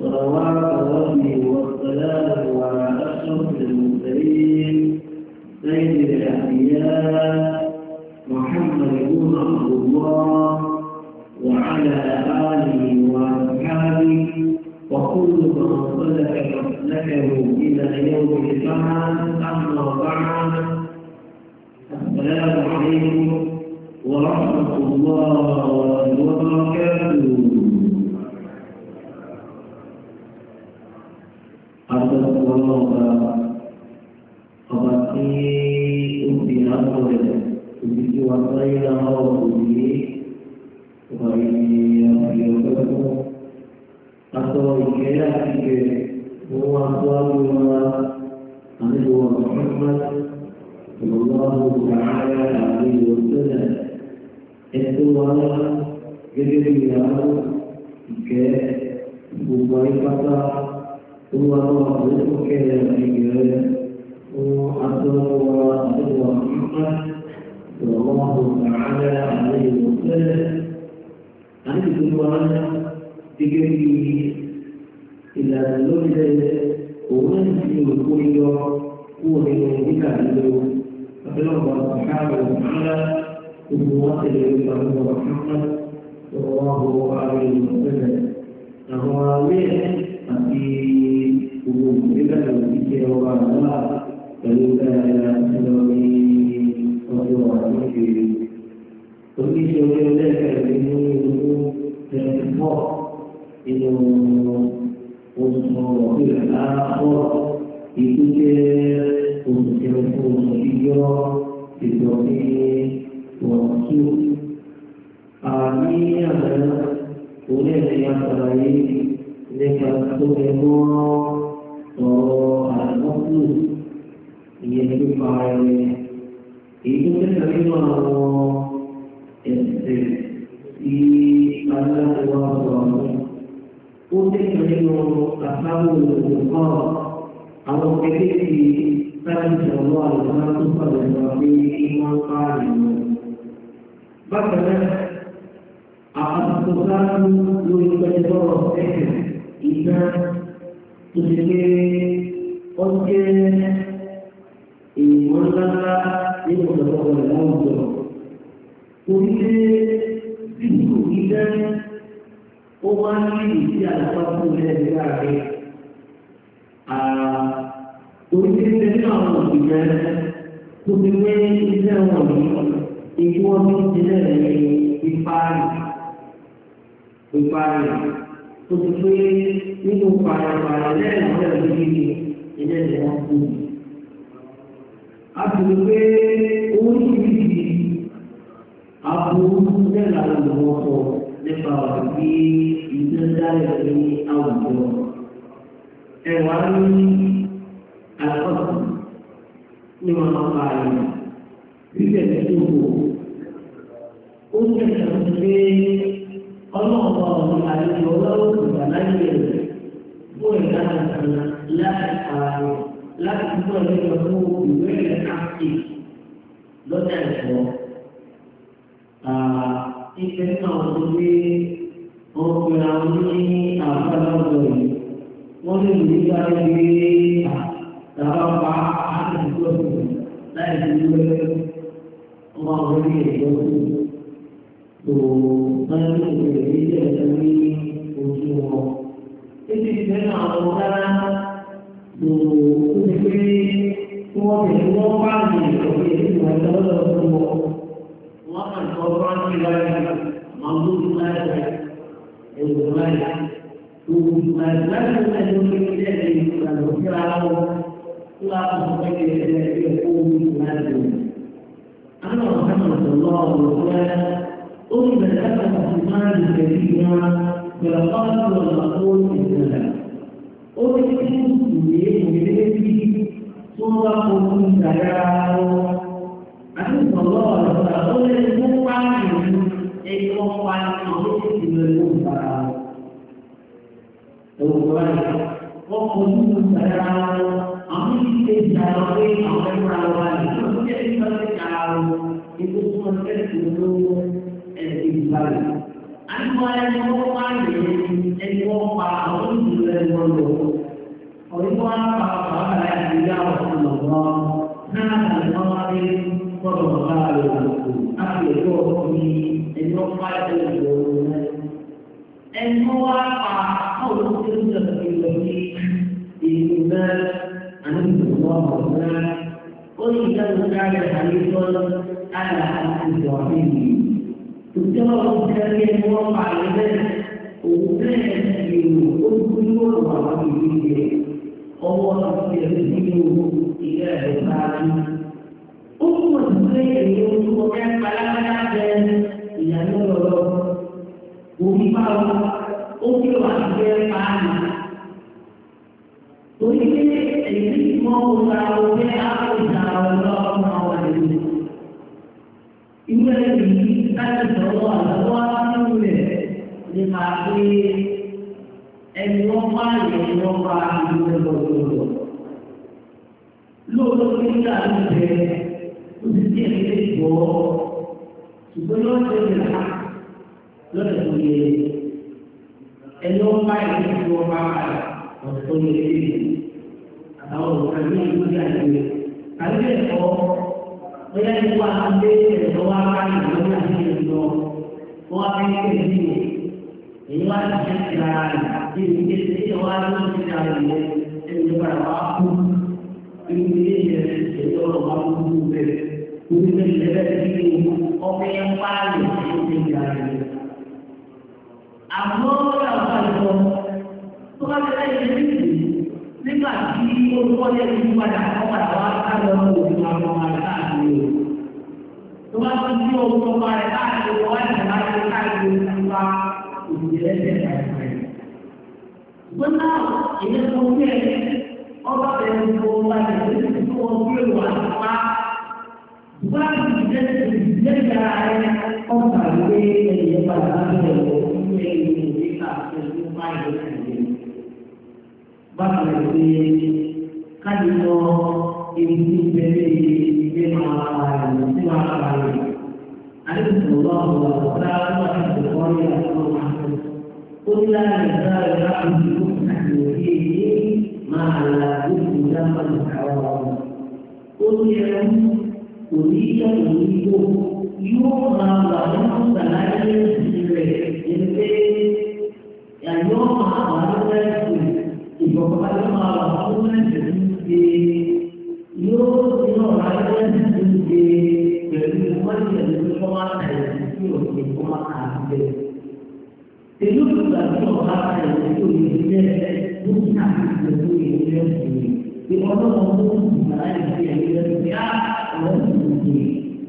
صلوات ربي والسلام على أشرف المرسلين سيد الأنبياء محمد بن الله وعلى آله وأصحابه وكل من سلك مسلكه إلى يوم البعث أما بعد السلام عليكم ورحمة الله وبركاته ọlọ́ọ̀bá ọba tí ó fi àpò rẹ̀ òbí tí wà sáyé náà òbí ọba yìí àti ọ̀pẹ́ fún aṣọ ìkẹ́ àti ìkẹ́ wọ́n wá tó àgbò wa àlejò ọ̀rọ̀ fúnfún ìrọ̀lọ́wọ́ ìgbàlẹ́ àti ìrọ̀lẹ́ ẹ̀tọ́ wa gẹ́gẹ́ bí ìyàwó ìkẹ́ gbogbo ayé pátá. هو ربك يا أيها وأدوى أدوى محمد صلى الله تعالى عليه وسلم أن تدوان تجري إلى اللغة ونسي الكل هو من ذكر فبلغ سبحانه وتعالى بمواصل إلى محمد صلى الله عليه وسلم أهواليه أبي ومؤمنا بك وعلا فلولا إلى أسلامي وقرآنك وفي شوية ذاك بنور تنفق إنه وصفه في الآخر يتجاه ومسيره صبيا بالدعاء والرسول آمين أولا يا سلام لك أكتب ìlú fara ẹni èyí tó tẹ̀lé nínú àwọn ẹ̀sẹ̀ tí aláṣẹ wa sọ̀rọ̀ fún ó tẹ̀lé nínú àtàwọn olùkọ́ àwọn ẹgbẹ́ ti sáyẹn sọ̀rọ̀ àlùfáà tó sọ̀rọ̀ sọ̀rọ̀ pé kí wọ́n fara ẹ̀mọ́. bákan náà àpapọ̀ká lórí pẹ̀lú ẹ̀sẹ̀ ìgbà tó ṣe pé ó láàrin oríṣiríṣi nínú àwọn òṣìṣẹ́ tó ti wé iṣẹ́ wọn ní ìlú wọn tó ti lẹ̀ ní ìparí ìparí tó ti pé nínú parapara lẹ́yìn ọ̀rẹ́ òṣìṣẹ́ ilé ẹ̀ wọ́n kú. a sì rí pé oríṣiríṣi aburú lẹ́yìn àwọn olùwọ́sọ̀rọ̀ nípa ọ̀rọ̀ bí ìdí dálẹ̀ ní àwùjọ. Ẹ̀wà ní àkọ́kọ́ ní wọn pa àyè bíbẹ̀ tó wò. Ó ní ẹ̀sán pé ọlọ́ọ̀pọ̀ ọ̀rọ̀ àlejò ọlọ́wọ́ ìgbà láyé rẹ̀ fún ìdá àgbàlá láti pààrọ̀ láti fún ọ̀rẹ́jọ fún ìwé rẹ̀ káàkiri lọ́jà ìfọ̀ ìfẹ́ náà wọ́n gbé wọn àwọn ní àbáláwọ̀ yìí wọ́n lè ní sáré gbé tàbá pa àtẹ̀síkò láì ní wẹ́wẹ́ wọn àwọn orí ẹ̀jọ́ tó الكثيرة فلقد والمقول إذنها أرسل سبيل مدرسي صورة من سياره أن الله تقول المقاعد إلوان أرسل من المقاعد أولا وقل من سياره أن يتجاوين أن يتجاوين أن يتجاوين أن يتجاوين أن يتجاوين أن يتجاوين àdúgbò ẹni wọ́n pa ìrìn ẹni wọ́n pa àwọn ìlú ẹni wọ́n lò ó òyìnbó wọn pa bàbá rẹ̀ àti ìyá ọ̀sán lọ́wọ́ náà àti wọn wá dé gbọ́dọ̀ bàbá rẹ̀ lọ́wọ́ àti ìlú ọ̀sán ní ẹni wọ́n pa ìlú ọ̀sán rẹ̀ ẹni wọ́n wá pa ọ̀rọ̀ tó ń jẹ́ ìlú ní ìlú náà àti ìlú ọ̀sán náà ó yí ìjọba ìjọba ìjọba ìjọba ìjọba Ucap ucapan yang muat dan ucapan itu untuk orang ini. Allah yang itu tidak berani. Umur saya itu bukan balapan dan yang lalu. Umi bau, umi wajib panas. Tuh ini ini mau ọba ìlú lọ́wọ́lọ́wọ́. Lóòótọ́ tó ń gbà ló bẹ ó ti di ẹgbẹ́ ìgbọ́ ṣùgbọ́n yóò ṣe é là lọ́dọ̀ tó yẹ ẹni wọ́n bá ìlú tí ọ̀dọ̀ tó yẹ sí i àtàwọn ní ìlú yà ló yẹ. Àbí ẹ̀kọ́ bóyá ìwà abẹ́ ẹ̀rọ wa bá ìlú yà ló yẹ wọ́n á fẹ́ kẹ́ èyí wá ní ṣe ti ara rẹ̀ bí ibi tí ṣe wá ní ṣe ti ara rẹ̀ ẹni tó padà wá kú ibi tí ṣe yẹ ṣe tó lọ wá kú kú bẹ́ẹ̀ kú ní ṣe ṣe bẹ́ẹ̀ ti ṣe wù ọmọ yẹn ń bá rẹ̀ ṣe ṣe ti ara rẹ̀. àmọ́ ọ̀gá ìjọ tó bá ti láyé ní ìlú nígbà tí olùkọ́ yẹn ti padà wọ́n padà wá sáré ọmọ òfin àwọn ọmọ rẹ̀ káàkiri tó bá ti di ọmọ rẹ̀ káàkiri wọ́n á ìdílẹ́sẹ̀ láìpẹ́. Ṣùgbọ́n náà ìyẹn tó ń bẹ̀ ọba bẹ̀rẹ̀ ń bọ̀ wá ní ìdílé tó wọ́n gbé wà wá. Ṣùgbọ́n àwọn ìdílẹ́sẹ̀ ìdílẹ́sẹ̀ ààrẹ ọ̀gá ìwé ẹ̀yẹ padà bá bẹ̀rẹ̀ wọ̀ nílé ìwé ìgbà pẹ̀lú máyì lẹ́yìn. Bákan náà káàdì lọ ebi tí ń bẹ̀rẹ̀ ìgbé máa wà lẹ́yìn tí máa wà lẹ́yìn. عليه الصلاة والسلام وحفظ القرية قل لا يزال العبد يفتح يديه مع العبد دم الحرام قل يوم أريد أريد يوم لهم ثلاثة يعني يوم أريد ìfọ̀kànlá ló máa wà fún ẹ̀jẹ̀ tó ń ṣe yóò iná ọ̀rá ẹ̀jẹ̀ tó ń ṣe pẹ̀lú mọ́tì ẹ̀jẹ̀ tó máa tẹ̀lé sí òkè kó máa kà á bẹ̀rẹ̀. e non la sua parte di cui il genere non sa di cui il genere e quando non si farà il genere di A o non si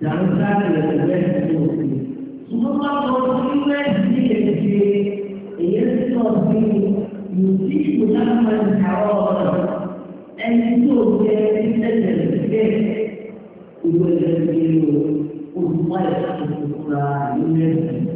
da non sapere le terrestre tutti sono fatto un mezzo di che e io si sono qui in un tipo di anno di caro e il suo che è il genere di che il genere di un po' è stato un po' di un mezzo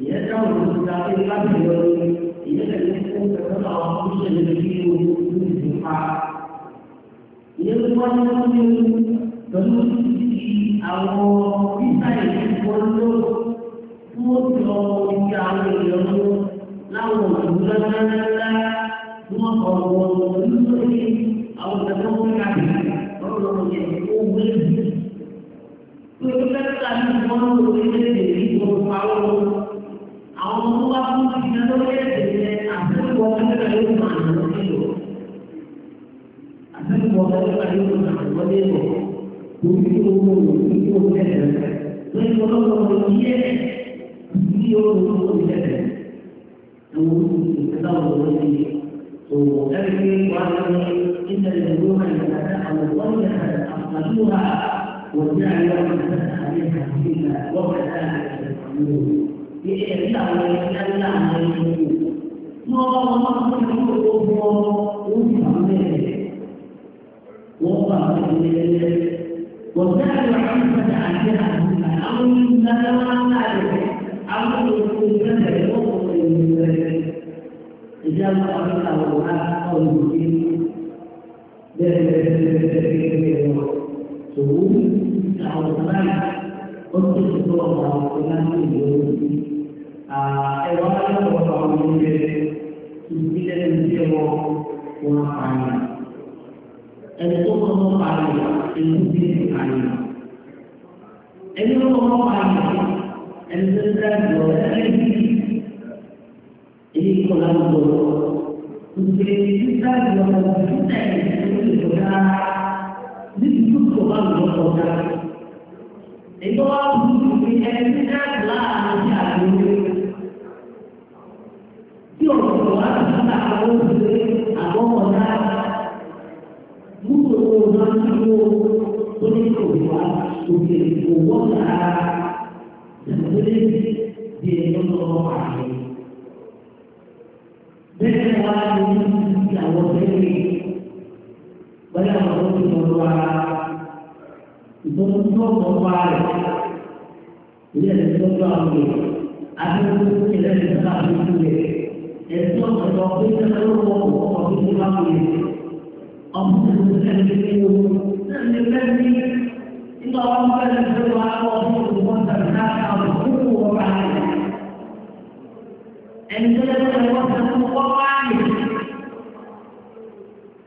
也让我们国家对发展有也肯定是得到明显的进步与启发。也是关于中间人们及 àwọn ìsáyè àwọn ọmọ wa fún ìdílé lórí ẹ̀jẹ̀ àtẹ̀wọ̀ ọ̀gá yóò máa ń lọ sí lò àtẹ̀wọ̀ ọ̀gá yóò máa ń lọ sí lò kò ní kí owó rẹ̀ kí kí o tẹ̀ lẹ̀ lórí ọlọ́wọ́ rẹ̀ yẹ kí o tó o tẹ̀ lẹ̀ ẹ̀wọ̀ ìgbésà ọ̀rọ̀ rẹ̀ yẹ tó ẹ̀rí pé wà á lọ ìtẹ̀lẹ̀ ló máa yẹ kàtà àwọn wọ́n yẹ àtàlùwà wọ́n yẹ àyẹ̀wò àti àyẹ̀wò àti ìgbà wọ́n kàtà àyẹ̀wò 也领导人跟党的服务。那我们不能够说无偿的，我反对，我再来一次感谢他们，他们那他们那里，他们就是跟谁都不会有的。人家老领导我看到已经，对对对对对对对，主，然后什么？ó ti ti tó ọmọ ọmọ láti ìlú òbí. Ẹ̀rọ aláwọ̀ àwọn ilé ìbílẹ̀ ìdílé wọn E pààyàn. Ẹni tó kọ́ wọn pààyàn ẹni tí ń pààyàn. Ẹni tó kọ́ wọn pààyàn ẹni tó ń dá ìlú ẹni tí èyí kọ́ láwùjọ. Ìgbè títà ìlú ọ̀gá ìtẹ̀ ìlú ìjọba níbi tó kọ̀ wá lọ́kọ̀ọ́ta. ètò wa burú ní ẹni tí náà àwọn ti lọ́wọ́ ara. ìgbọ́n tó tọ́ bá rẹ̀ ilé ẹ̀sìn tó tọ́ àwọn èèyàn adéwòn tó kẹlẹ́ ní ìgbà tó tó yẹ ẹ̀sìn ọ̀tọ̀tọ̀ tó yẹ kí ló wọ ọkọ̀ tó tó bá wù yẹ ọmọ tó tó tẹ̀lé ní ìwò tẹ̀lé ní bẹ́ẹ̀ ní ìgbà wọn bẹ́ẹ̀ ní ìwé wa kọ́ ọdún òkú wọn tàbí náà kọ́ ọdún òkú wọn bá yẹ ẹ̀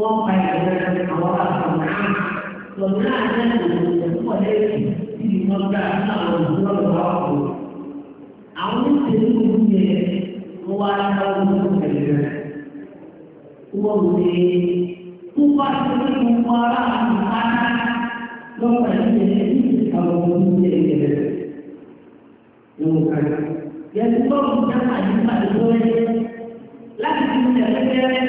wọ́n pa ìrẹsẹ̀ àwọn àgbọ̀nà lọ́nà àjẹ́sẹ̀ ìrẹsẹ̀kọ̀ lẹ́yìn tí wọ́n gbà láwọn ìdúrọ̀lọ́ ọ̀pọ̀. àwọn oníṣẹ́ ní oúnjẹ wọn wá láwọn ìdúrọ̀ pẹ̀lú wọn ò lè tó bá ti rí gbogbo ara àwọn ará lọ́pàá ìṣẹ̀lẹ̀ ní ìṣàwọn oúnjẹ ìrẹsẹ̀. ìwọ̀n kan yẹn tó bá wọn jẹ́ àyípadà lọ́wọ́ láti fi ìṣẹ̀lẹ̀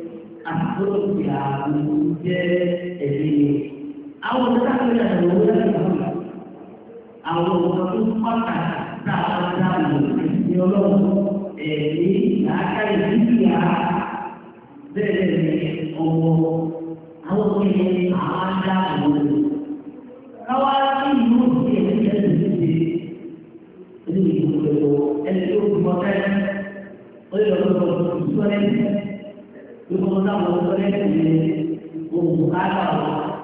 asuro ya mje elimi au nakuja na mwanga wa Mungu au unapata tafadhali niolo eli na kaidi ya dele omo au kwenye anda mwanga kawati mwanga ya kidini ni mwanga wa elimu kwa kwa hiyo ndio 如果到时候我那我不来了，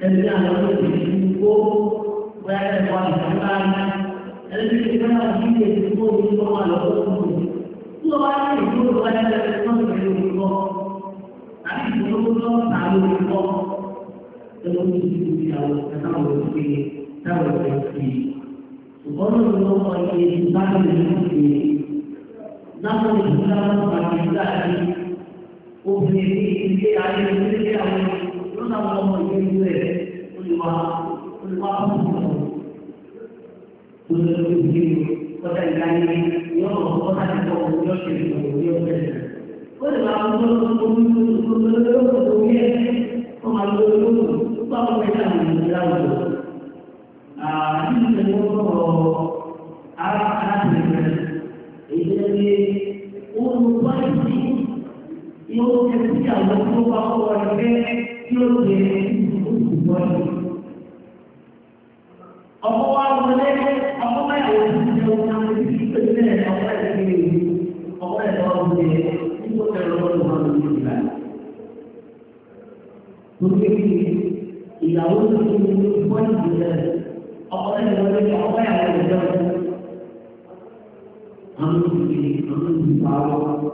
但是这样的问题，我不要再帮你承担了。而且现在你也是我已经说了很多次，做阿姨以后发现什么都没有说，哪里出了问题哪里有说，这个东西就是要看我自己的，我自己我都是个东西，那个力去解决，哪里出问题我 obìnrin ní ilé ayé onílé àwọn yóò náà wọ́n mọ ìwé ìlú rẹ̀ olùwà olùwà fún ìwọ̀n. Olùwà fún ìwọ̀n kọjá ìdáyé yóò rọ̀ kọ́ta ìfọ̀ yóò ṣe ìfọ̀ yóò ṣe ìfọ̀. Ó lè máa mú olùkọ́ orí ẹ̀ kó máa lo olóògùn tó bá wọn fẹ́ sàmì ìlú láwùjọ. Àdúgbò ni wọ́n rọ̀ yóò jẹ́ sí àwọn tí ó bá kọ́ ẹgbẹ́ yóò jẹ́ ìdúgbò yìí. ọkọ wa wọlé ọkọ báyàwó ti jẹ ọmọ náà ní ìgbésẹ̀ ìgbésẹ̀ ọkọ ẹ̀ ti lè rí ọkọ ẹ̀ lọ́wọ́ ti lè nígbà tó ẹ̀rọ lọ́wọ́ lọ́wọ́ lọ́wọ́ ìgbà. lókè bí ìyàwó tó ti lè ní bọ́ ìgbésẹ̀ ọkọ ẹ̀ lọ́wọ́ lọ́wọ́ ọkọ ẹ̀ lọ́wọ́ lọ́wọ́ àwọn olùdíje àwọn olùdíje àwọn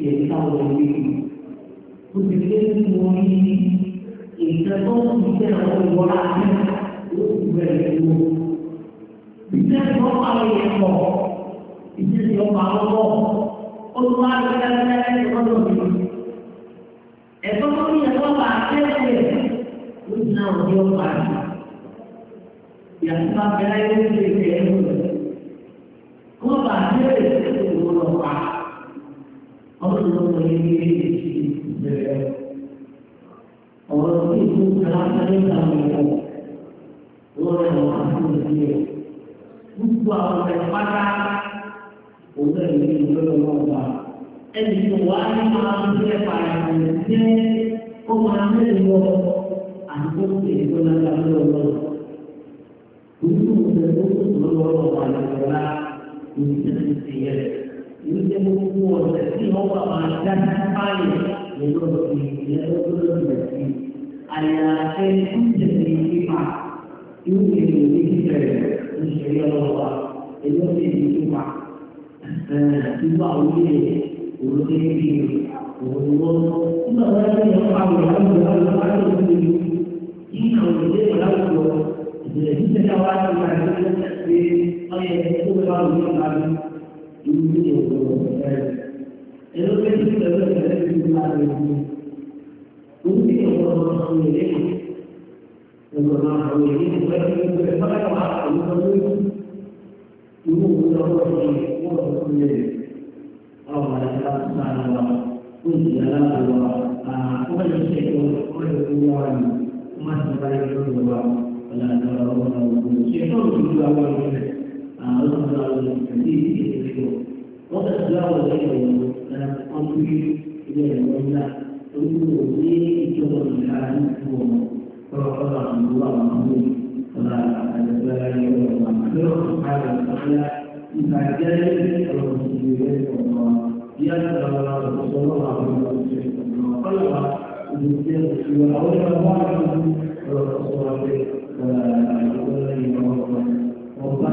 tiẹ̀ ní káwọn ọmọ ìwé yìí. Ó ti lé ní mo ní ìtẹ́ tó ń fi tẹ́ ọ̀rọ̀ ìwọ láti ó ti bẹ̀rẹ̀ lọ. Ìtẹ́ tí wọ́n pa lóye pọ̀, ìtẹ́ tí wọ́n pa lọ́wọ́, ó tún wá lọ dáadáa ní ọ̀dọ̀ mi. Ẹ̀fọ́ tó ní ẹ̀fọ́ bá tẹ́lẹ̀ ó ti náà ní ọ̀pá yìí. Ìyàtúmọ̀ abẹ́rẹ́ yóò ṣe ìfẹ́ ẹ̀rọ rẹ̀. Untuk ìlú tẹ ọ̀sẹ̀ tí wọ́n wà máa dájú báyìí lọ́dọ̀ sí ìyẹn lọ́dọ̀ lọ́dọ̀ sí àyà ẹni tó ń tẹ̀lé pípa irú èdè òní bẹ̀rẹ̀ oṣù yọlọ́wà èdè òní èdè pípa pípa òní èdè òní èdè òní wọ́n nígbà tó yẹ kí wọ́n pa wọ́n lọ́wọ́ lọ́wọ́ lọ́wọ́ lọ́wọ́ yìí náà òní èdè wọ́n láwùjọ ìdílé nígbà tí wọ́n á ti gbà ní ọjọ́ ìgbà pé wọ́n yẹ kó wọ́n lọ́wọ́ lọ́wọ́ ìlú ìgbòho ẹ̀rẹ̀. Ẹnu pé kí ìgbàgbọ́ ìgbàgbọ́ ti máa lè fi òun ti ọ̀pọ̀ ọ̀pọ̀ ìlé ìgbà máa àwọn ìlé ìgbà ìgbà ìgbà máa àwọn ìgbà lórí ìlú òun lọ́wọ́ ìlú wọ́n lọ́wọ́ ìlú àwọn àyíká máa wà ó sì yára àwọ̀ àwọn ìṣe tó wọ́n lè fi wá ní má ti bá yẹ lórí wa ọ̀là àtàwọn ọmọ ọmọ ọmọ ṣe tó ń lu àwọn ìlú rẹ̀ àwọn ọmọ ọmọ ìlú وقد الفكرة وتتلاوى الغير والمستند وتشير إلى المولى ويقول لي جبر الله هو فوقد عن الله محمود فلا أدبار ولا مخلوق هذا الأخلاق من عجائب الله والله يسأل الله صلى الله عليه وسلم وقلبه ويسأل الله ويسأل الله ويسأل الله ويسأل الله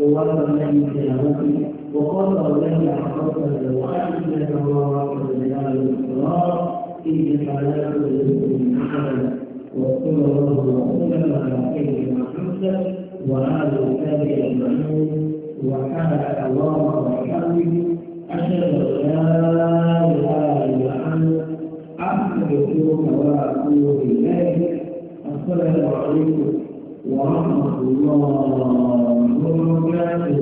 ووفى الذي سلامته وقال الذي اعطته وانزل الله الجلال والاكرام انك لا تدرك وصلى الله وسلم على سيدنا محمد وعلى اله اجمعين وسبحانك اللهم وبحمدك اشهد ان لا اله الا انت استغفرك واتوب اليك السلام عليكم ورحمة الله وبركاته